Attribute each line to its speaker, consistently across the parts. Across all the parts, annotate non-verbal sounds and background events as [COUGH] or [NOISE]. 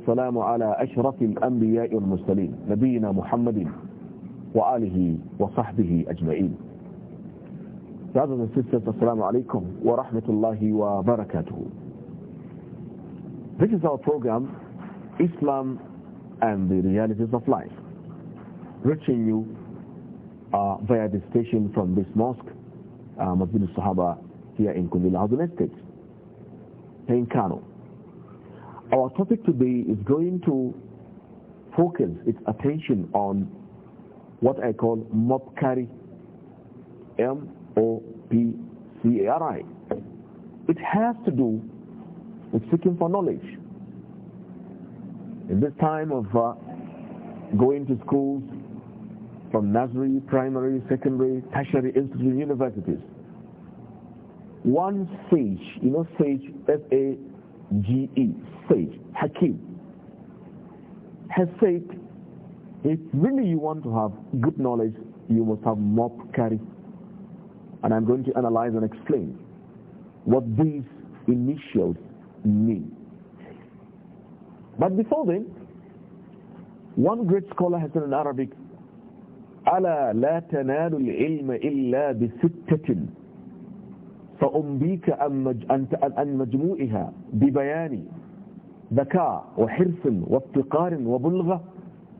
Speaker 1: السلام على أشرف الأنبياء نبينا محمد وآله وصحبه أجمعين This is our program, Islam and the Realities of Life, reaching you uh, via the station from this mosque, uh, Masjid al-Sahaba, here in Kundila Housing Estate, in Kano. Our topic today is going to focus its attention on what I call MOPCARI, M-O-P-C-A-R-I. It has to do with seeking for knowledge. In this time of uh, going to schools from nursery, primary, secondary, tertiary, institutes, universities, one sage, you know sage, S-A-G-E, sage, Hakim, has said, if really you want to have good knowledge, you must have mop carry. And I'm going to analyze and explain what these initials mean. But before then, one great scholar has said in Arabic, ألا لا تنال العلم إلا بستة فأنبيك عن مجموعها ببيان ذكاء وحرص وافتقار وبلغة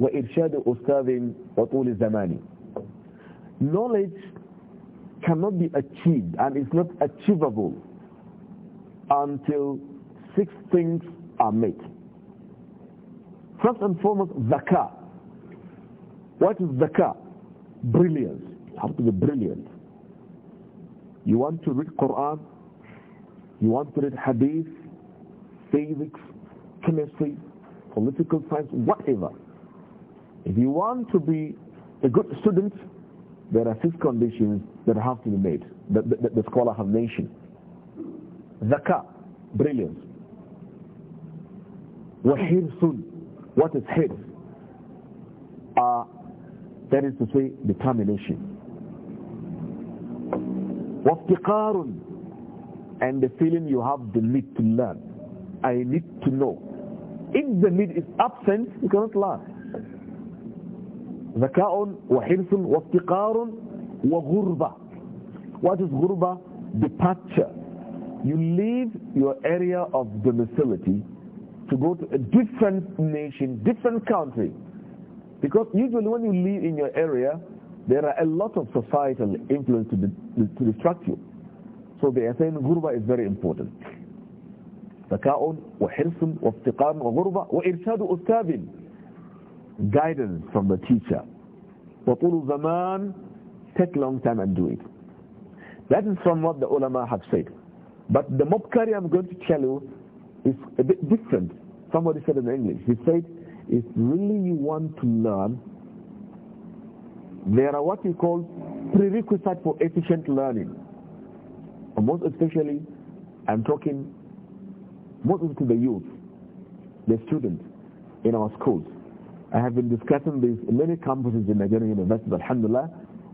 Speaker 1: وإرشاد أستاذ وطول زمان knowledge cannot be achieved and is not achievable until six things are met. First and foremost, zaka. What is zaka? Brilliance. You have to be brilliant. You want to read Quran, you want to read Hadith, physics, chemistry, political science, whatever. If you want to be a good student, there are six conditions that have to be made, that, that, that the scholar has mentioned. Zaka, brilliance. Wahirsun, what is hirs? Uh, that is to say, determination. Waftiqarun, and the feeling you have the need to learn. I need to know. If the need is absent, you cannot last. ذكاء وحرص وافتقار وغربة. What is غربة? Departure. You leave your area of domicility to go to a different nation, different country. Because usually when you live in your area, there are a lot of societal influence to, to distract you. So they are saying Gurba is very important. ذكاء وحرص وافتقار وغربة وإرشاد أستاذ guidance from the teacher وطول zaman take long time and do it that is from what the ulama have said but the mubkari I'm going to tell you is a bit different somebody said in English he said if really you want to learn there are what you call prerequisites for efficient learning and most especially I'm talking what is to the youth, the students in our schools. I have been discussing this in many campuses in Nigerian universities, alhamdulillah,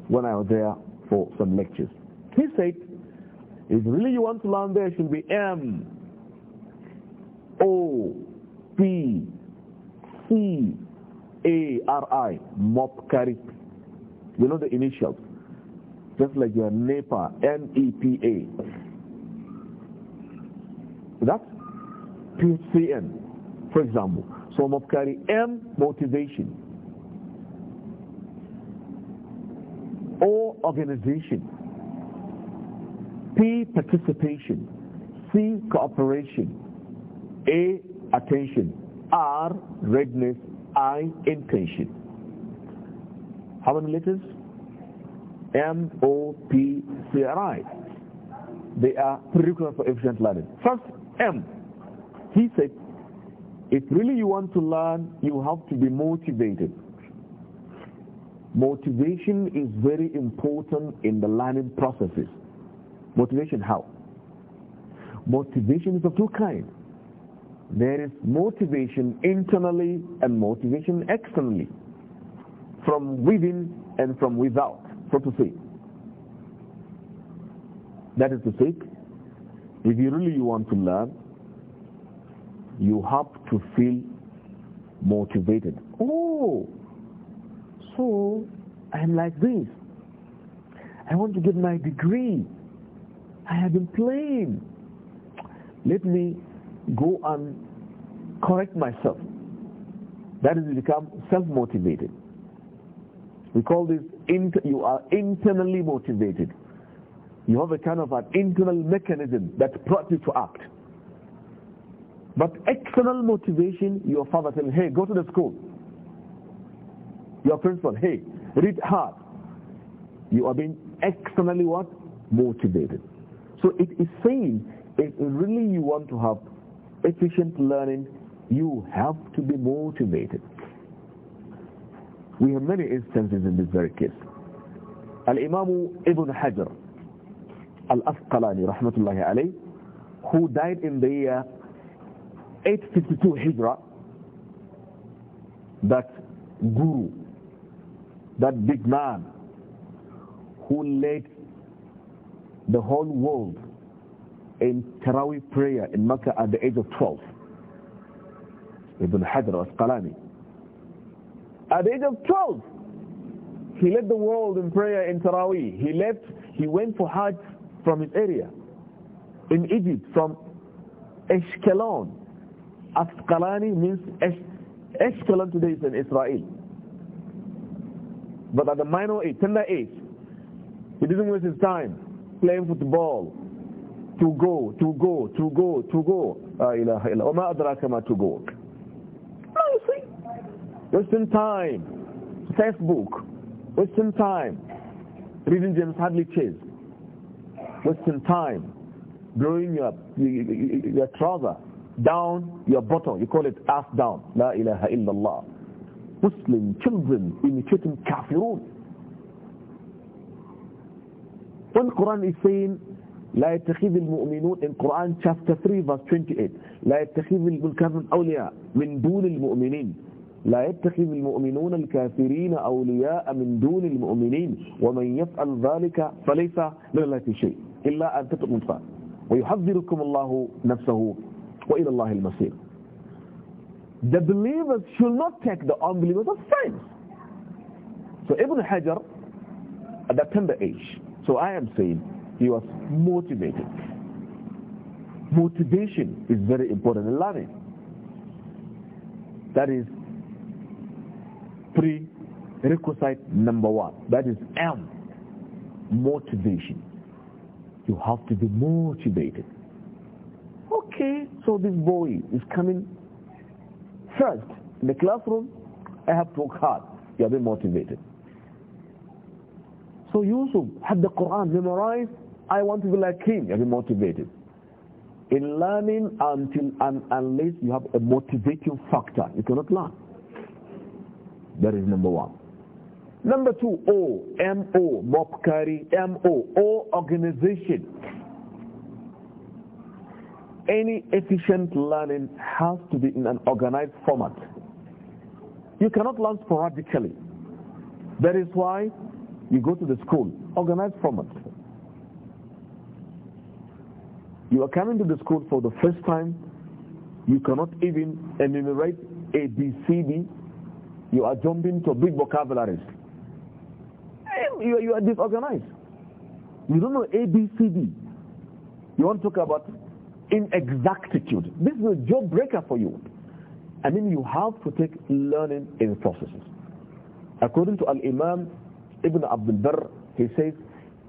Speaker 1: when I was there for some lectures. He said, if really you want to learn there, should be M, O, P, C, A, R, I, Mopkari. You know the initials. Just like your NEPA, N-E-P-A. That's PCM, for example. So must carry M motivation O organization, P participation, C cooperation, A attention, R readiness, I intention. How many letters? M O P C R I. They are prerequisites for efficient learning. First M he said, if really you want to learn, you have to be motivated. Motivation is very important in the learning processes. Motivation how? Motivation is of two kinds. There is motivation internally and motivation externally, from within and from without, so to say. That is to say, if you really want to learn, you have to feel motivated. Oh, so I'm like this. I want to get my degree. I have been playing. Let me go and correct myself. That is to become self-motivated. We call this, you are internally motivated. You have a kind of an internal mechanism that prompts you to act. But external motivation, your father saying, hey, go to the school. Your principal, hey, read hard. You are being externally what? Motivated. So it is saying, if really you want to have efficient learning, you have to be motivated. We have many instances in this very case. Al-Imam Ibn Hajar Al-Asqalani, rahmatullahi alayh, who died in the year 852 Hijra, that guru, that big man who led the whole world in Taraweeh prayer in Mecca at the age of 12, Ibn Hajar al-Asqalani. At the age of 12, he led the world in prayer in Taraweeh. He left, he went for Hajj from his area in Egypt, from Ashkelon, Asqalani means Ashkelon today is in Israel. But at the minor age, tender age, he didn't waste his time playing football. To go, to go, to go, to go. La ilaha illa. to go. No, you see. Wasting time. Facebook. Wasting time. Reading James Hadley Chase. Wasting time. Growing up, your, your, your trouser down your bottom. You call it ass down. La ilaha illallah. Muslim children imitating kafirun. When Quran is saying, لا يتخذ المؤمنون in Quran chapter 3 verse 28 لا يتخذ الكافرون أولياء من دون المؤمنين لا يتخذ المؤمنون الكافرين أولياء من دون المؤمنين ومن يفعل ذلك فليس من الله في شيء إلا أن تتقوا ويحذركم الله نفسه وَإِلَى اللَّهِ الْمَصِيرُ The believers should not take the unbelievers as friends. So Ibn Hajar, at that tender age, so I am saying he was motivated. Motivation is very important in learning. That is prerequisite number one. That is M, motivation. You have to be motivated okay, so this boy is coming first in the classroom, I have to work hard. You have been motivated. So Yusuf had the Quran memorized. I want to be like him. You have been motivated. In learning until and unless you have a motivating factor, you cannot learn. That is number one. Number two, O, M-O, M-O, O organization any efficient learning has to be in an organized format. You cannot learn sporadically. That is why you go to the school, organized format. You are coming to the school for the first time, you cannot even enumerate A, B, C, D. You are jumping to big vocabularies. You, you are disorganized. You don't know A, B, C, D. You want to talk about in exactitude, This is a job breaker for you. I mean, you have to take learning in processes. According to Al-Imam Ibn Abdul Barr, he says,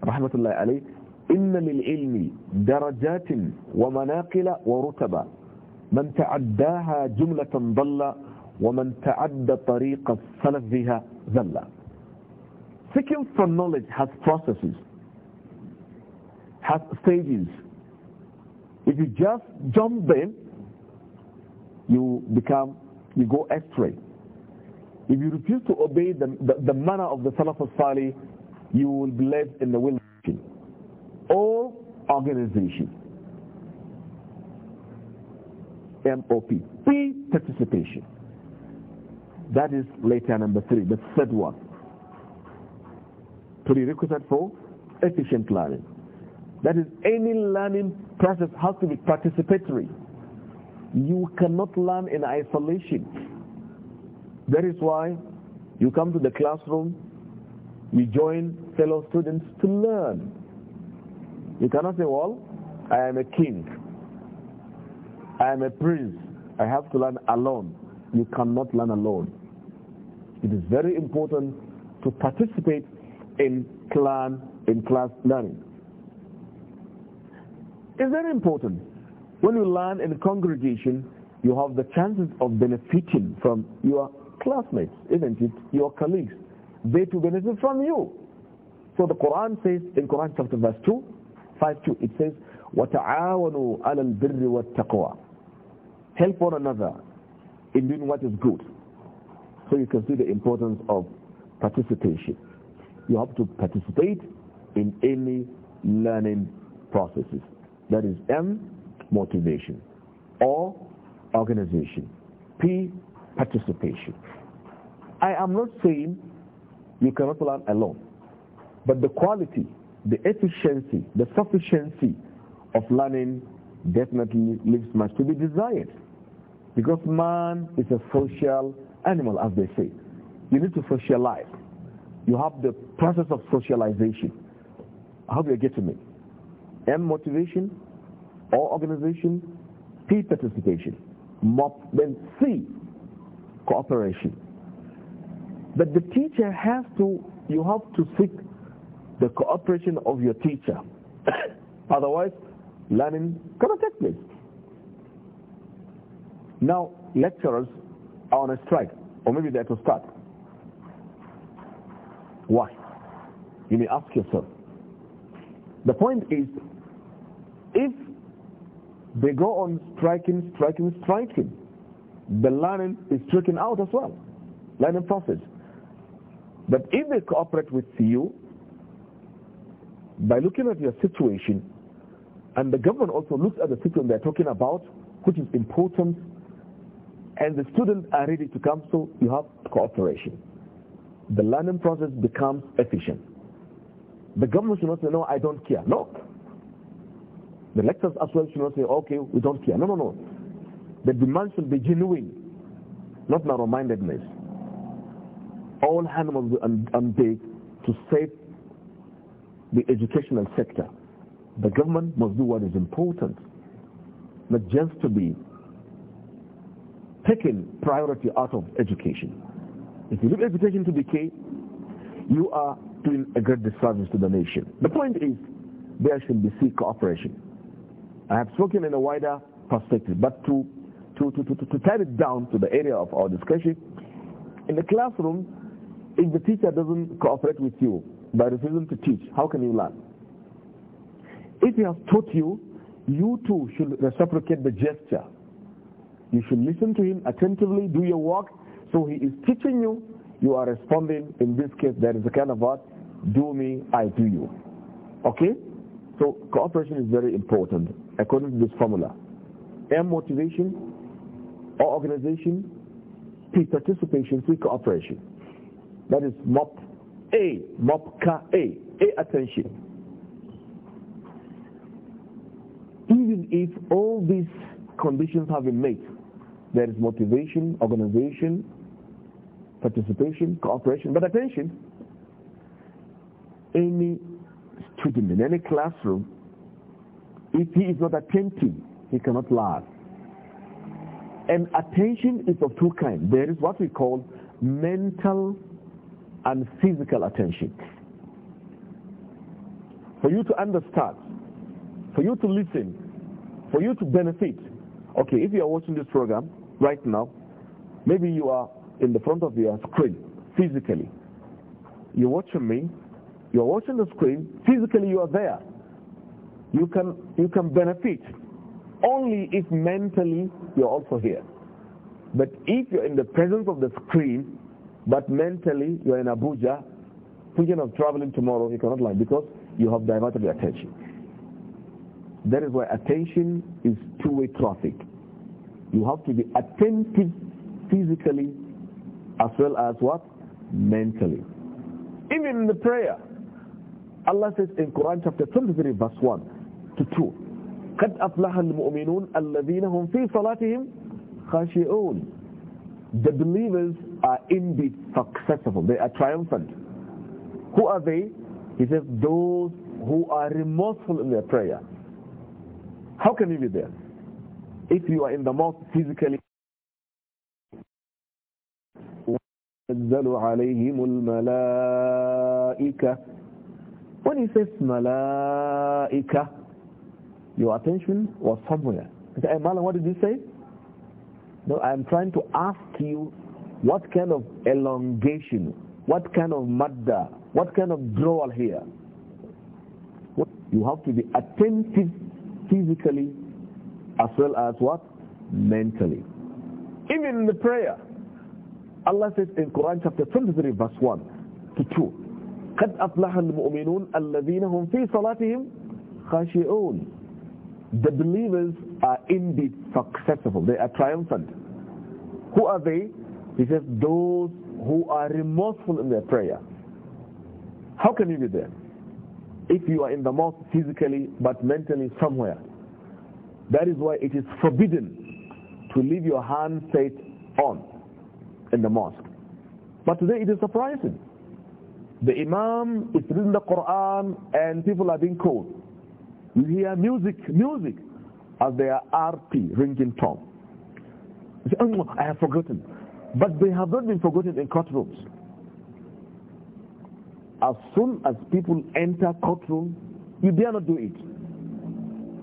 Speaker 1: rahmatullahi alayh, إن للعلم درجات ومناقل ورتبة من تعداها جملة ضل ومن تعدى طريق السلف بها ذل Seeking for knowledge has processes, has stages, if you just jump in, you become, you go astray. If you refuse to obey the, the, the manner of the Salaf al you will be left in the wilderness. All organization. M O P, P participation. That is later number three, the third one. Prerequisite for efficient learning. That is any learning process has to be participatory. You cannot learn in isolation. That is why you come to the classroom, you join fellow students to learn. You cannot say, well, I am a king. I am a prince. I have to learn alone. You cannot learn alone. It is very important to participate in clan, in class learning. It's very important. When you learn in a congregation, you have the chances of benefiting from your classmates, isn't it? Your colleagues. They too benefit from you. So the Quran says in Quran chapter verse 2, 5 2, it says, وَتَعَاوَنُوا عَلَى الْبِرِّ وَالتَّقْوَى Help one another in doing what is good. So you can see the importance of participation. You have to participate in any learning processes. That is M, motivation. Or, organization. P, participation. I am not saying you cannot learn alone, but the quality, the efficiency, the sufficiency of learning definitely leaves much to be desired. Because man is a social animal, as they say. You need to socialize. You have the process of socialization. I hope you get to me. M motivation or organization, P participation, MOP, then C cooperation. But the teacher has to, you have to seek the cooperation of your teacher. [COUGHS] Otherwise, learning cannot take place. Now, lecturers are on a strike, or maybe they're to start. Why? You may ask yourself. The point is, if they go on striking, striking, striking, the learning is stricken out as well, learning process. But if they cooperate with you, by looking at your situation, and the government also looks at the situation they're talking about, which is important, and the students are ready to come, so you have cooperation. The learning process becomes efficient. The government should not say, no, I don't care. No, the lecturers as well should not say, okay, we don't care. No, no, no. The demand should be genuine, not narrow-mindedness. All hands must be on, deck to save the educational sector. The government must do what is important, not just to be taking priority out of education. If you leave education to decay, you are doing a great disservice to the nation. The point is, there should be sea cooperation. I have spoken in a wider perspective, but to, to, to, to, to tie it down to the area of our discussion, in the classroom, if the teacher doesn't cooperate with you by refusing to teach, how can you learn? If he has taught you, you too should reciprocate the gesture. You should listen to him attentively, do your work. So he is teaching you, you are responding. In this case, there is a kind of what? Do me, I do you. Okay? So cooperation is very important according to this formula. M motivation, O organization, P participation, C cooperation. That is MOP A, MOP A attention. Even if all these conditions have been met, there is motivation, organization, participation, cooperation, but attention. Any student in any classroom if he is not attentive, he cannot last. And attention is of two kinds. There is what we call mental and physical attention. For you to understand, for you to listen, for you to benefit. Okay, if you are watching this program right now, maybe you are in the front of your screen physically. You're watching me, you're watching the screen, physically you are there you can, you can benefit only if mentally you're also here. But if you're in the presence of the screen, but mentally you're in Abuja, thinking of traveling tomorrow, you cannot lie because you have diverted your attention. That is why attention is two-way traffic. You have to be attentive physically as well as what? Mentally. Even in the prayer, Allah says in Quran chapter 23 verse 1, to قد أفلح المؤمنون الذين هم في صلاتهم خاشعون the believers are indeed successful they are triumphant who are they he says those who are remorseful in their prayer how can you be there if you are in the mosque physically عليهم الملائكة when he says ملائكة your attention was somewhere. I said, hey, Malam, what did you say? No, I'm trying to ask you what kind of elongation, what kind of madda, what kind of drawal here. What? You have to be attentive physically as well as what? Mentally. Even in the prayer, Allah says in Quran chapter 23 verse 1 to 2, قَدْ أَفْلَحَ الْمُؤْمِنُونَ الَّذِينَ هُمْ فِي صَلَاتِهِمْ خَاشِئُونَ the believers are indeed successful. They are triumphant. Who are they? He says, those who are remorseful in their prayer. How can you be there? If you are in the mosque physically but mentally somewhere. That is why it is forbidden to leave your handset on in the mosque. But today it is surprising. The Imam is reading the Quran and people are being called. You hear music, music, as their RP, ringing tone. You say, oh I have forgotten. But they have not been forgotten in courtrooms. As soon as people enter courtroom, you dare not do it.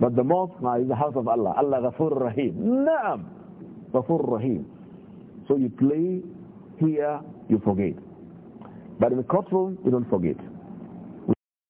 Speaker 1: But the mosque now is the house of Allah. Allah Ghafur Rahim. Naam. Ghafur Rahim. So you play, hear, you forget. But in the courtroom, you don't forget.